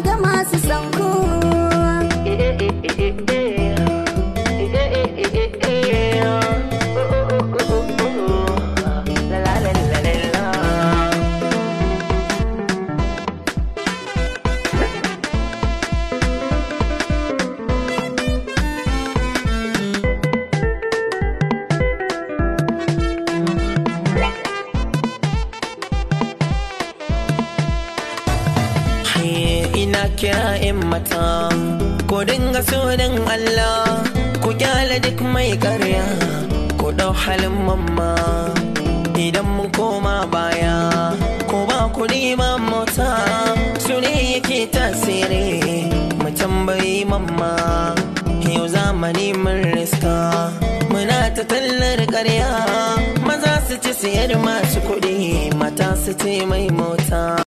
ga masu é sanku na kira in mata ku dinga sunan Allah ku kyale duk mai karya ku dau halin mamma idan mun koma baya ku ba ku neman mota su ne yake tasiri mu tambayi mamma yau zamani mun riska muna ta tallar karya maza su ci siyar masu kuɗi mata su ce mai mota